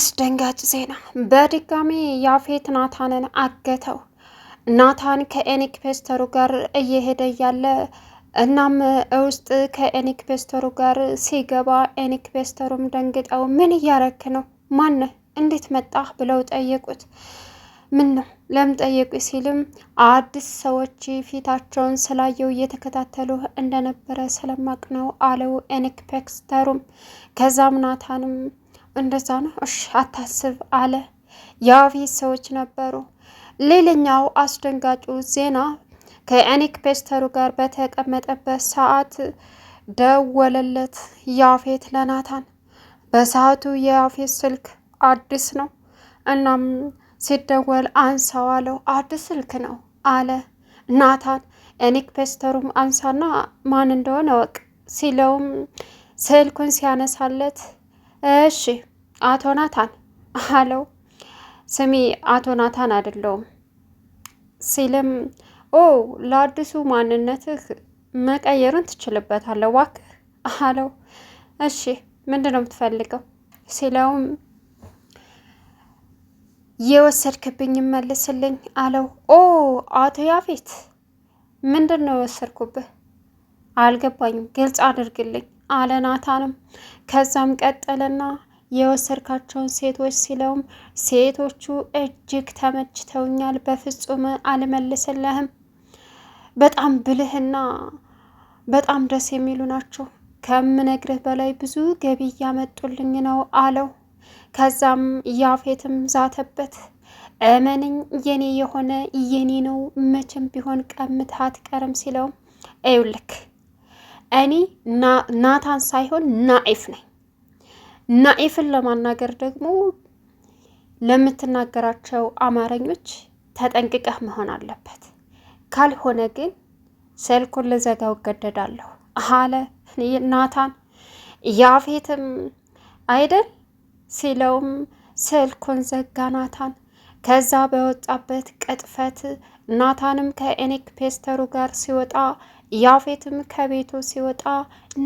አስደንጋጭ ዜና! በድጋሚ ያፌት ናታንን አገተው። ናታን ከኢንስፔክተሩ ጋር እየሄደ እያለ እናም ውስጥ ከኢንስፔክተሩ ጋር ሲገባ ፔስተሩም ደንግጠው ምን እያረክ ነው? ማነህ? እንዴት መጣህ? ብለው ጠየቁት። ምን ነው ለም ጠየቁ? ሲልም አዲስ ሰዎች ፊታቸውን ስላየው እየተከታተሉ እንደነበረ ስለማቅ ነው አለው ኢንስፔክተሩም። ከዛም ናታንም እንደዛ ነው፣ እሺ አታስብ አለ። የአፌት ሰዎች ነበሩ። ሌላኛው አስደንጋጩ ዜና ከያኒክ ፔስተሩ ጋር በተቀመጠበት ሰዓት ደወለለት ያፌት ለናታን። በሰዓቱ የያፌት ስልክ አዲስ ነው። እናም ሲደወል አንሳው አለው። አዲስ ስልክ ነው አለ ናታን። ያኒክ ፔስተሩም አንሳና ማን እንደሆነ ወቅ ሲለውም ስልኩን ሲያነሳለት እሺ አቶ ናታን አለው። ስሚ አቶ ናታን አይደለውም ሲልም፣ ኦ ለአዲሱ ማንነትህ መቀየርን ትችልበታለህ እባክህ አለው። እሺ ምንድን ነው የምትፈልገው ሲለውም የወሰድክብኝ መልስልኝ አለው። ኦ አቶ ያፌት ምንድን ነው የወሰድኩብህ? አልገባኝም ግልጽ አድርግልኝ አለ ናታንም። ከዛም ቀጠለና የወሰድካቸውን ሴቶች ሲለውም ሴቶቹ እጅግ ተመችተውኛል፣ በፍጹም አልመልስልህም። በጣም ብልህና በጣም ደስ የሚሉ ናቸው። ከምነግርህ በላይ ብዙ ገቢ እያመጡልኝ ነው አለው። ከዛም ያፌትም ዛተበት። እመንኝ የኔ የሆነ የኔ ነው፣ መቼም ቢሆን ቀምታ አትቀርም ሲለውም ይውልክ እኔ ናታን ሳይሆን ናኢፍ ነኝ ናኢፍን ለማናገር ደግሞ ለምትናገራቸው አማርኞች ተጠንቅቀህ መሆን አለበት፣ ካልሆነ ግን ስልኩን ልዘጋው እገደዳለሁ አለ ናታን። ያፌትም አይደል ሲለውም ስልኩን ዘጋ ናታን። ከዛ በወጣበት ቅጥፈት ናታንም ከኤኒክ ፔስተሩ ጋር ሲወጣ ያፌትም ከቤቱ ሲወጣ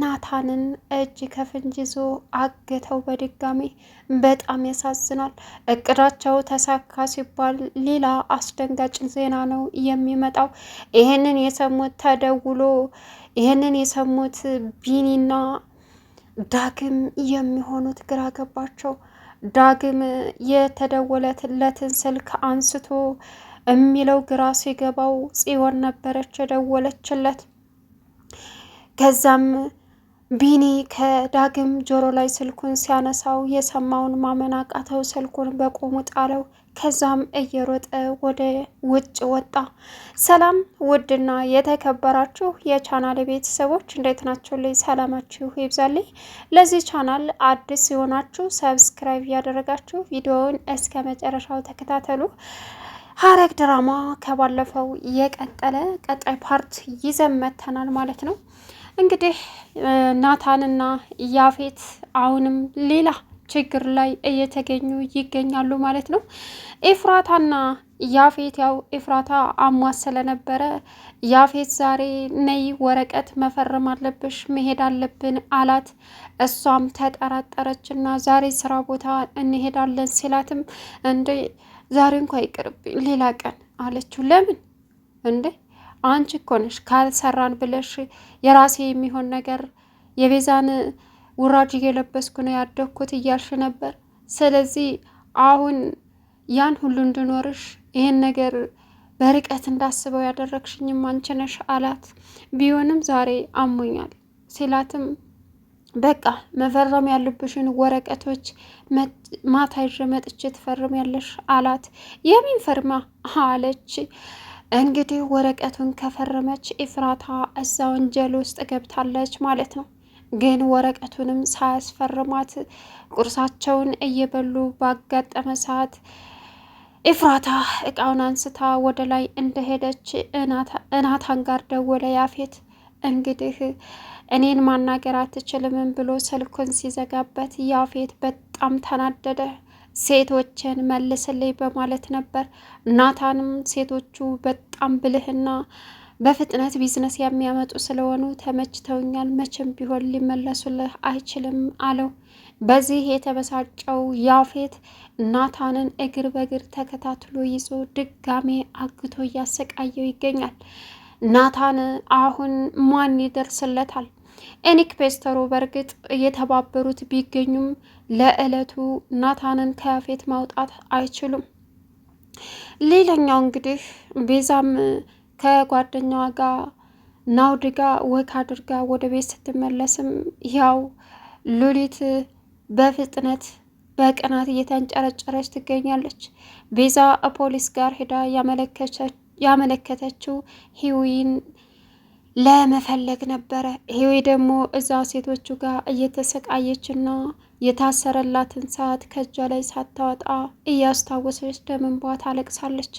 ናታንን እጅ ከፍንጅ ይዞ አግተው በድጋሚ በጣም ያሳዝናል። እቅዳቸው ተሳካ ሲባል ሌላ አስደንጋጭ ዜና ነው የሚመጣው። ይህንን የሰሙት ተደውሎ ይህንን የሰሙት ቢኒና ዳግም የሚሆኑት ግራ ገባቸው። ዳግም የተደወለትለትን ስልክ አንስቶ የሚለው ግራ ሲገባው ጽዮን ነበረች የደወለችለት። ከዛም ቢኒ ከዳግም ጆሮ ላይ ስልኩን ሲያነሳው የሰማውን ማመን አቃተው። ስልኩን በቆሙ ጣለው። ከዛም እየሮጠ ወደ ውጭ ወጣ። ሰላም ውድና የተከበራችሁ የቻናል ቤተሰቦች እንዴት ናችሁ? ላይ ሰላማችሁ ይብዛልኝ። ለዚህ ቻናል አዲስ የሆናችሁ ሰብስክራይብ ያደረጋችሁ ቪዲዮውን እስከ መጨረሻው ተከታተሉ። ሐረግ ድራማ ከባለፈው የቀጠለ ቀጣይ ፓርት ይዘመተናል ማለት ነው። እንግዲህ ናታንና ያፌት አሁንም ሌላ ችግር ላይ እየተገኙ ይገኛሉ ማለት ነው። ኤፍራታና ያፌት ያው ኤፍራታ አሟት ስለነበረ ያፌት ዛሬ ነይ ወረቀት መፈረም አለብሽ መሄድ አለብን አላት። እሷም ተጠራጠረች እና ዛሬ ስራ ቦታ እንሄዳለን ሲላትም እንዴ ዛሬ እንኳ ይቅርብኝ ሌላ ቀን አለችው። ለምን እንዴ አንቺ እኮ ነሽ ካልሰራን ብለሽ የራሴ የሚሆን ነገር የቤዛን ውራጅ እየለበስኩ ነው ያደግኩት እያልሽ ነበር። ስለዚህ አሁን ያን ሁሉ እንድኖርሽ ይህን ነገር በርቀት እንዳስበው ያደረግሽኝም አንቺ ነሽ አላት። ቢሆንም ዛሬ አሞኛል ሲላትም በቃ መፈረም ያለብሽን ወረቀቶች ማታ ይዤ መጥቼ ትፈርም ያለሽ አላት። የሚን ፈርማ አለች እንግዲህ ወረቀቱን ከፈረመች ኢፍራታ እዛ ወንጀል ውስጥ ገብታለች ማለት ነው። ግን ወረቀቱንም ሳያስፈርማት ቁርሳቸውን እየበሉ ባጋጠመ ሰዓት ኢፍራታ እቃውን አንስታ ወደ ላይ እንደሄደች እናታን ጋር ደወለ ያፌት። እንግዲህ እኔን ማናገር አትችልም ብሎ ስልኩን ሲዘጋበት ያፌት በጣም ተናደደ። ሴቶችን መልስልኝ በማለት ነበር። ናታንም ሴቶቹ በጣም ብልህና በፍጥነት ቢዝነስ የሚያመጡ ስለሆኑ ተመችተውኛል፣ መቼም ቢሆን ሊመለሱልህ አይችልም አለው። በዚህ የተበሳጨው ያፌት ናታንን እግር በእግር ተከታትሎ ይዞ ድጋሜ አግቶ እያሰቃየው ይገኛል። ናታን አሁን ማን ይደርስለታል? ኤኒክ ፔስተሮ በእርግጥ እየተባበሩት ቢገኙም ለዕለቱ ናታንን ከያፌት ማውጣት አይችሉም። ሌላኛው እንግዲህ ቤዛም ከጓደኛዋ ጋር ናውድጋ ወክ አድርጋ ወደ ቤት ስትመለስም ያው ሉሊት በፍጥነት በቅናት እየተንጨረጨረች ትገኛለች። ቤዛ ፖሊስ ጋር ሄዳ ያመለከተችው ሂዊን ለመፈለግ ነበረ። ሂዊ ደግሞ እዛ ሴቶቹ ጋር እየተሰቃየችና የታሰረላትን ሰዓት ከእጇ ላይ ሳታወጣ እያስታወሰች ደም እንባ ታለቅሳለች።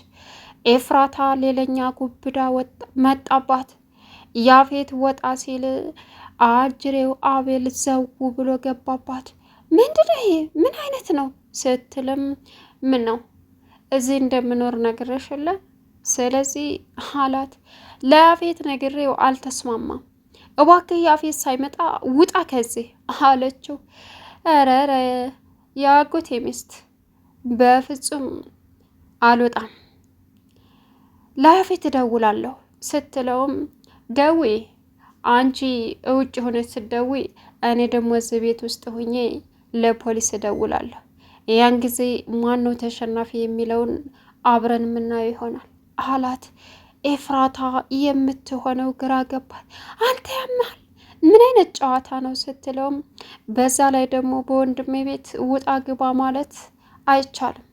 ኤፍራታ ሌላኛ ጉብዳ መጣባት። ያፌት ወጣ ሲል አጅሬው አቤል ዘው ብሎ ገባባት። ምንድነ ይሄ ምን አይነት ነው ስትልም፣ ምን ነው እዚህ እንደምኖር ነግረሽለ? ስለዚህ አላት። ለያፌት ነግሬው አልተስማማም። እባክህ ያፌት ሳይመጣ ውጣ ከዚህ አለችው። እረረ የአጎቴ ሚስት በፍጹም አልወጣም፣ ላፌ ትደውላለሁ ስትለውም ደዊ አንቺ እውጭ ሆነች ስደዊ እኔ ደግሞ እዚህ ቤት ውስጥ ሁኜ ለፖሊስ እደውላለሁ። ያን ጊዜ ማነው ተሸናፊ የሚለውን አብረን የምናየው ይሆናል አላት። ኤፍራታ የምትሆነው ግራ ገባት። አንተ ያምሃል ምን አይነት ጨዋታ ነው ስትለውም፣ በዛ ላይ ደግሞ በወንድሜ ቤት ውጣ ግባ ማለት አይቻልም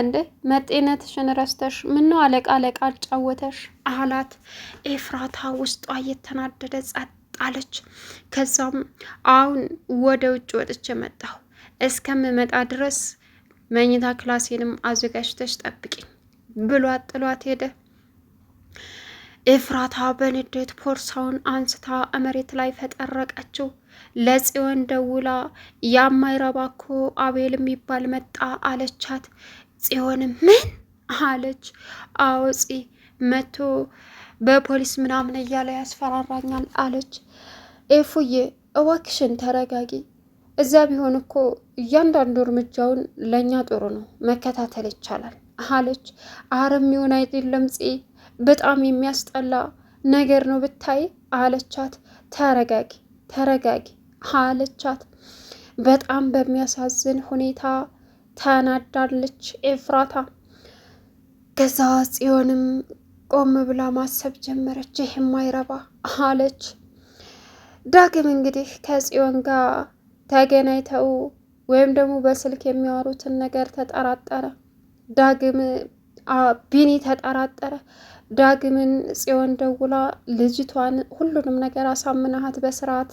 እንዴ መጤነትሽን ረስተሽ ምን ነው አለቃ አለቃ አጫወተሽ አላት። ኤፍራታ ውስጧ እየተናደደ ጸጥ አለች። ከዛም አሁን ወደ ውጭ ወጥቼ መጣሁ። እስከምመጣ ድረስ መኝታ ክላሴንም አዘጋጅተሽ ጠብቂኝ ብሏት ጥሏት ሄደ። ኤፍራታ በንዴት ፖርሳውን አንስታ መሬት ላይ ፈጠረቀችው። ለጽዮን ደውላ ያማይረባ እኮ አቤል የሚባል መጣ አለቻት። ጽዮንም ምን አለች? አውፂ መቶ በፖሊስ ምናምን እያለ ያስፈራራኛል አለች። ኤፉዬ እባክሽን ተረጋጊ። እዛ ቢሆን እኮ እያንዳንዱ እርምጃውን ለእኛ ጥሩ ነው መከታተል ይቻላል አለች። አረም ይሆን አይደለም ጽ በጣም የሚያስጠላ ነገር ነው ብታይ አለቻት። ተረጋጊ ተረጋጊ አለቻት። በጣም በሚያሳዝን ሁኔታ ተናዳለች ኤፍራታ። ከዛ ጽዮንም ቆም ብላ ማሰብ ጀመረች። ይህ የማይረባ አለች። ዳግም እንግዲህ ከጽዮን ጋር ተገናኝተው ወይም ደግሞ በስልክ የሚያወሩትን ነገር ተጠራጠረ። ዳግም ቢኒ ተጠራጠረ። ዳግምን ጽዮን ደውላ ልጅቷን ሁሉንም ነገር አሳምናሃት በስርዓት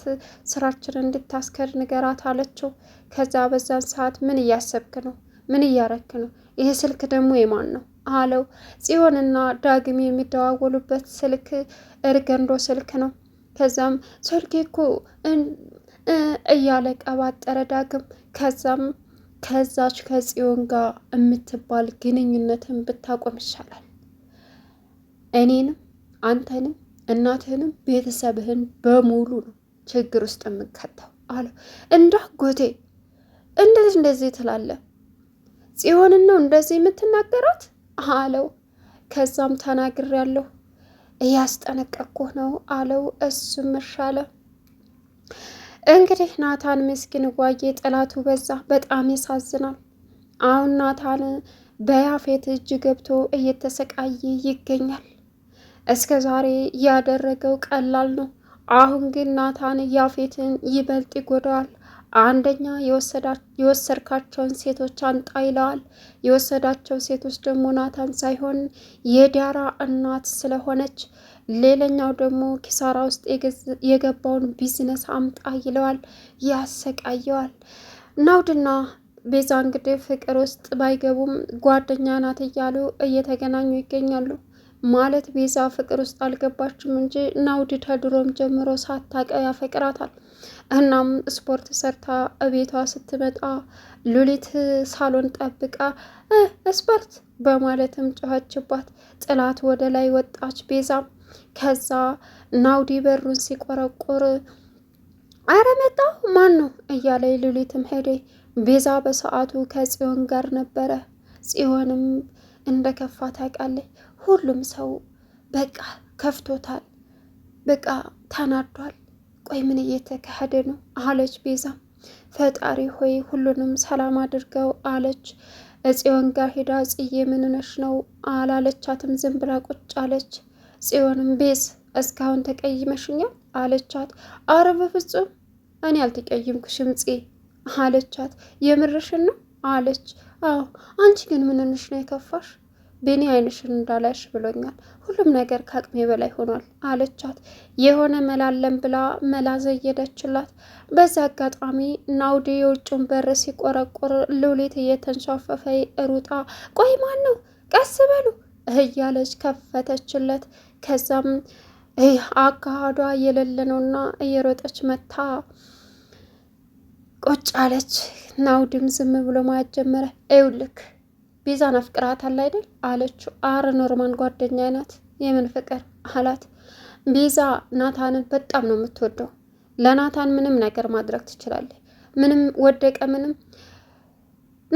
ስራችን እንድታስከድ ንገራት አለችው። ከዛ በዛን ሰዓት ምን እያሰብክ ነው? ምን እያረክ ነው? ይህ ስልክ ደግሞ የማን ነው አለው። ጽዮንና ዳግም የሚደዋወሉበት ስልክ እርገንዶ ስልክ ነው። ከዛም ስልኬ እኮ እያለ ቀባጠረ ዳግም። ከዛም ከዛች ከጽዮን ጋር የምትባል ግንኙነትን ብታቆም ይሻላል እኔንም አንተንም እናትህንም ቤተሰብህን በሙሉ ነው ችግር ውስጥ የምከተው አለ። እንዳጎቴ እንዴት እንደዚህ ትላለ ጽዮንን ነው እንደዚህ የምትናገራት አለው። ከዛም ተናግር ያለሁ እያስጠነቀቅኩህ ነው አለው። እሱም መሻለ እንግዲህ ናታን ምስኪን ጓዬ ጥላቱ በዛ። በጣም ያሳዝናል። አሁን ናታን በያፌት እጅ ገብቶ እየተሰቃየ ይገኛል። እስከ ዛሬ ያደረገው ቀላል ነው። አሁን ግን ናታን ያፌትን ይበልጥ ይጎዳዋል። አንደኛ የወሰድካቸውን ሴቶች አንጣ ይለዋል። የወሰዳቸው ሴቶች ደግሞ ናታን ሳይሆን የዳራ እናት ስለሆነች፣ ሌላኛው ደግሞ ኪሳራ ውስጥ የገባውን ቢዝነስ አምጣ ይለዋል፣ ያሰቃየዋል። ናውድና ቤዛ እንግዲህ ፍቅር ውስጥ ባይገቡም ጓደኛ ናት እያሉ እየተገናኙ ይገኛሉ። ማለት ቤዛ ፍቅር ውስጥ አልገባችም እንጂ ናውድ ከድሮም ጀምሮ ሳታውቀው ያፈቅራታል። እናም ስፖርት ሰርታ እቤቷ ስትመጣ ሉሊት ሳሎን ጠብቃ ስፖርት በማለትም ጮኸችባት። ጥላት ወደ ላይ ወጣች ቤዛ ከዛ ናውዲ በሩን ሲቆረቆር አረ መጣሁ ማን ነው እያለ ሉሊትም ሄዴ ቤዛ በሰዓቱ ከጽዮን ጋር ነበረ ጽዮንም እንደ ከፋ ታውቃለህ። ሁሉም ሰው በቃ ከፍቶታል፣ በቃ ተናዷል። ቆይ ምን እየተካሄደ ነው አለች ቤዛ ፈጣሪ ሆይ ሁሉንም ሰላም አድርገው አለች። እጽዮን ጋር ሄዳ ጽዬ ምንነሽ ነው አላለቻትም። ዝም ብላ ቁጭ አለች። ጽዮንም ቤዝ እስካሁን ተቀይመሽኛል አለቻት። አረ በፍጹም እኔ አልተቀየምኩሽም ጽ አለቻት። የምርሽን ነው አለች። አዎ አንቺ ግን ምንንሽ ነው የከፋሽ? ቤኒ አይንሽን እንዳላሽ ብሎኛል። ሁሉም ነገር ከአቅሜ በላይ ሆኗል አለቻት። የሆነ መላለም ብላ መላ ዘየደችላት። በዛ አጋጣሚ ናውዲ የውጭን በር ሲቆረቆር ሉሊት እየተንሻፈፈ ሩጣ ቆይ ማን ነው ቀስ በሉ እያለች ከፈተችለት። ከዛም አካሃዷ የሌለ ነውና እየሮጠች መታ ቁጭ አለች። ናውድም ዝም ብሎ ማየት ጀመረ። እዩልክ ቤዛን አፍቅራታል አይደል አለችው። አረ ኖርማን ጓደኛ ናት። የምን ፍቅር አላት። ቤዛ ናታንን በጣም ነው የምትወደው። ለናታን ምንም ነገር ማድረግ ትችላለች። ምንም ወደቀ ምንም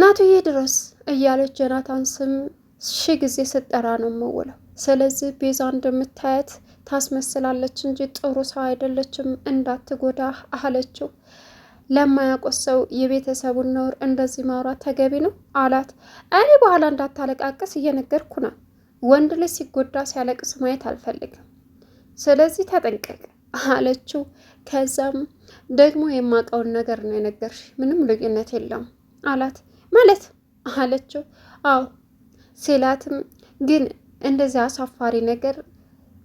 ናቱዬ ድረስ እያለች የናታን ስም ሺ ጊዜ ስጠራ ነው የምውለው። ስለዚህ ቤዛ እንደምታያት ታስመስላለች እንጂ ጥሩ ሰው አይደለችም፣ እንዳትጎዳ አለችው። ለማያውቁት ሰው የቤተሰቡን ነውር እንደዚህ ማውራት ተገቢ ነው አላት። እኔ በኋላ እንዳታለቃቅስ እየነገርኩ ነው። ወንድ ልጅ ሲጎዳ ሲያለቅስ ማየት አልፈልግም። ስለዚህ ተጠንቀቅ አለችው። ከዛም ደግሞ የማውቀውን ነገር ነው የነገርሽ፣ ምንም ልዩነት የለውም አላት። ማለት አለችው። አዎ ሲላትም ግን እንደዚህ አሳፋሪ ነገር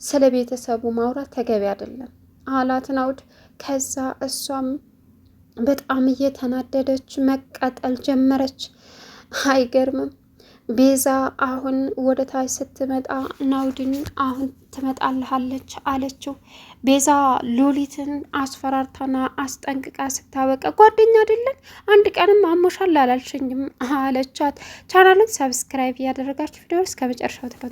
ስለ ቤተሰቡ ማውራት ተገቢ አይደለም አላት ናውድ። ከዛ እሷም በጣም እየተናደደች መቃጠል ጀመረች። አይገርምም። ቤዛ አሁን ወደ ታች ስትመጣ ናውድን አሁን ትመጣልሃለች አለችው። ቤዛ ሉሊትን አስፈራርታና አስጠንቅቃ ስታበቀ ጓደኛ አይደለን አንድ ቀንም አሞሻል አላልሽኝም አለቻት። ቻናሉን ሰብስክራይብ እያደረጋችሁ ቪዲዮ እስከ መጨረሻው ተከታተሉ።